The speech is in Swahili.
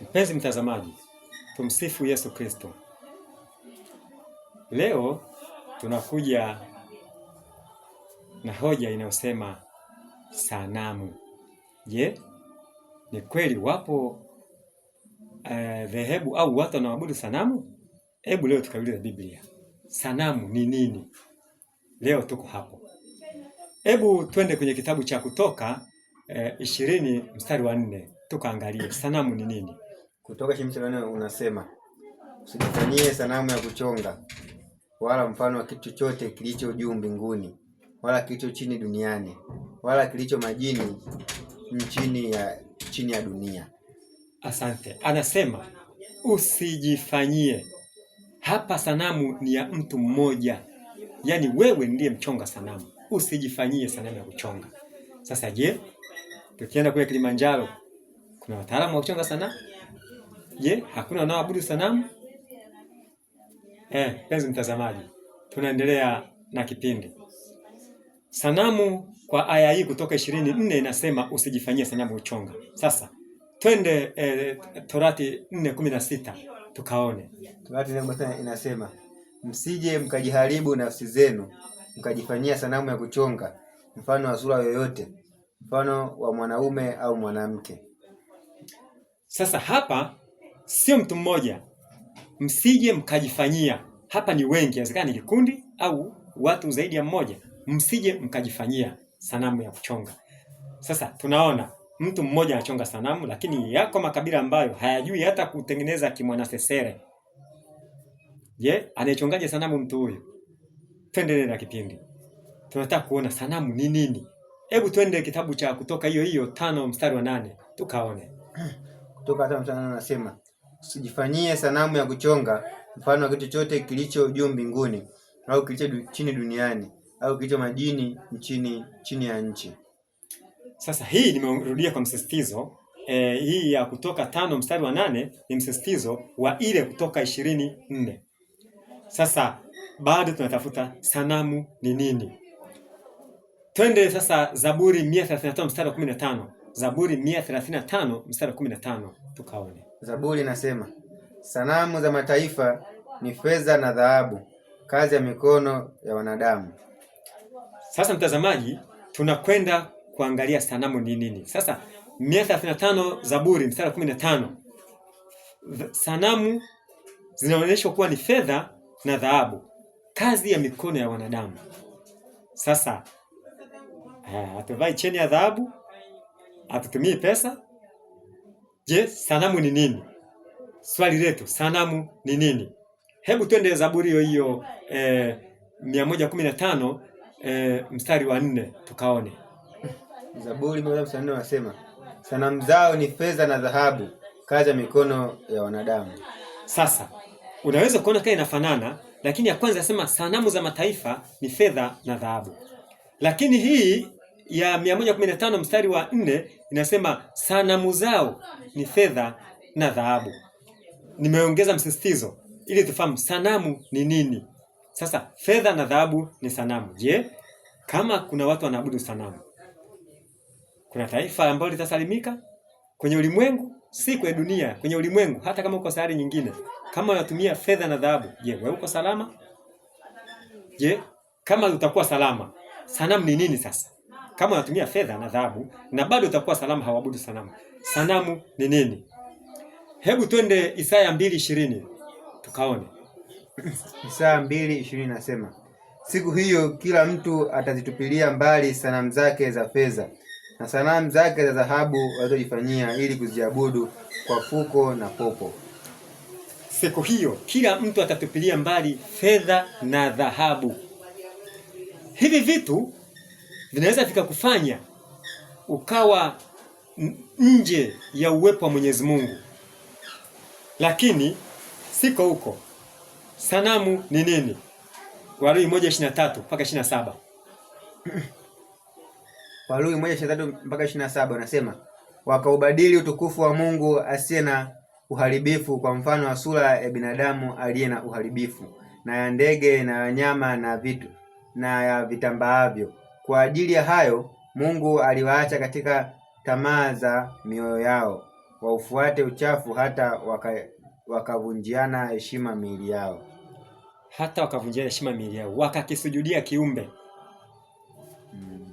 Mpenzi mtazamaji, tumsifu Yesu Kristo. Leo tunakuja na hoja inayosema sanamu. Je, ni kweli wapo eh, dhehebu uh, au watu wanaabudu sanamu? Hebu leo tukaulize Biblia, sanamu ni nini? Leo tuko hapo. Hebu twende kwenye kitabu cha Kutoka eh, ishirini uh, mstari wa nne tukaangalie sanamu ni nini. Kutoka ishirini unasema usijifanyie sanamu ya kuchonga wala mfano wa kitu chochote kilicho juu mbinguni wala kilicho chini duniani wala kilicho majini chini ya chini ya dunia. Asante. Anasema usijifanyie. Hapa sanamu ni ya mtu mmoja, yaani wewe ndiye mchonga sanamu. Usijifanyie sanamu ya kuchonga. Sasa je, tukienda kule Kilimanjaro kuna wataalamu wa kuchonga sanamu? Je, hakuna wanaoabudu sanamu? Eh, penzi mtazamaji, tunaendelea na kipindi sanamu. Kwa aya hii kutoka ishirini nne inasema usijifanyie sanamu uchonga. Sasa twende eh, Torati nne kumi na sita tukaone. Torati inasema msije mkajiharibu nafsi zenu mkajifanyia sanamu ya kuchonga mfano wa sura yoyote, mfano wa mwanaume au mwanamke. Sasa hapa sio mtu mmoja, msije mkajifanyia. Hapa ni wengi, inawezekana ni kikundi au watu zaidi ya mmoja, msije mkajifanyia sanamu ya kuchonga. Sasa tunaona mtu mmoja anachonga sanamu, lakini yako makabila ambayo hayajui hata kutengeneza kimwanasesere. Je, anayechongaje sanamu mtu huyu? Tuendelee na kipindi, tunataka kuona sanamu ni nini. Hebu twende kitabu cha Kutoka hiyo hiyo tano mstari wa nane tukaone. Kutoka tano mstari wa nane anasema Usijifanyie sanamu ya kuchonga mfano wa kitu chote kilicho juu mbinguni au kilicho chini duniani au kilicho majini nchini chini ya nchi. Sasa hii nimerudia kwa msisitizo e, hii ya Kutoka tano mstari wa nane ni msisitizo wa ile Kutoka ishirini nne. Sasa bado tunatafuta sanamu ni nini? Twende sasa Zaburi 135 mstari wa 15. Zaburi 135 mstari wa 15 tukaone. Zaburi inasema sanamu za mataifa ni fedha na dhahabu, kazi ya mikono ya wanadamu. Sasa mtazamaji, tunakwenda kuangalia sanamu ni nini. Sasa 135 Zaburi mstari 15, sanamu zinaonyeshwa kuwa ni fedha na dhahabu, kazi ya mikono ya wanadamu. Sasa eh, hatuvai cheni ya dhahabu, hatutumii pesa Je, sanamu ni nini? Swali letu sanamu ni nini? Hebu twende Zaburi hiyo hiyo eh, mia moja kumi na tano eh, mstari wa nne tukaone. Zaburi mia moja kumi na nne sanamu zao ni fedha na dhahabu, kazi ya mikono ya wanadamu. Sasa unaweza kuona kama inafanana, lakini ya kwanza yasema sanamu za mataifa ni fedha na dhahabu, lakini hii ya 115 mstari wa nne inasema sanamu zao ni fedha na dhahabu. Nimeongeza msisitizo ili tufahamu sanamu ni nini. Sasa fedha na dhahabu ni sanamu. Je, kama kuna watu wanaabudu sanamu, kuna taifa ambalo litasalimika kwenye ulimwengu? Si kwenye dunia, kwenye ulimwengu. Hata kama uko sayari nyingine, kama unatumia fedha na dhahabu, je, wewe uko salama? Je, kama utakuwa salama? Sanamu ni nini sasa? Kama unatumia fedha na dhahabu na bado utakuwa salama, hawabudu sanamu. Sanamu ni nini? Hebu twende Isaya mbili ishirini tukaone. Isaya 2:20 ishirini nasema siku hiyo kila mtu atazitupilia mbali sanamu zake za fedha na sanamu zake za dhahabu walizojifanyia ili kuziabudu kwa fuko na popo. Siku hiyo kila mtu atatupilia mbali fedha na dhahabu. Hivi vitu vinaweza vikakufanya ukawa nje ya uwepo wa Mwenyezi Mungu. Lakini siko huko. Sanamu ni nini? Warumi 1:23 mpaka 27. Warumi 1:23 mpaka 27 unasema wakaubadili utukufu wa Mungu asiye na uharibifu kwa mfano wa sura ya binadamu aliye na uharibifu, na ya ndege, na wanyama, na vitu na ya vitambaavyo kwa ajili ya hayo Mungu aliwaacha katika tamaa za mioyo yao waufuate uchafu hata wakavunjiana heshima miili yao, hata wakavunjiana heshima miili yao, wakakisujudia kiumbe mm.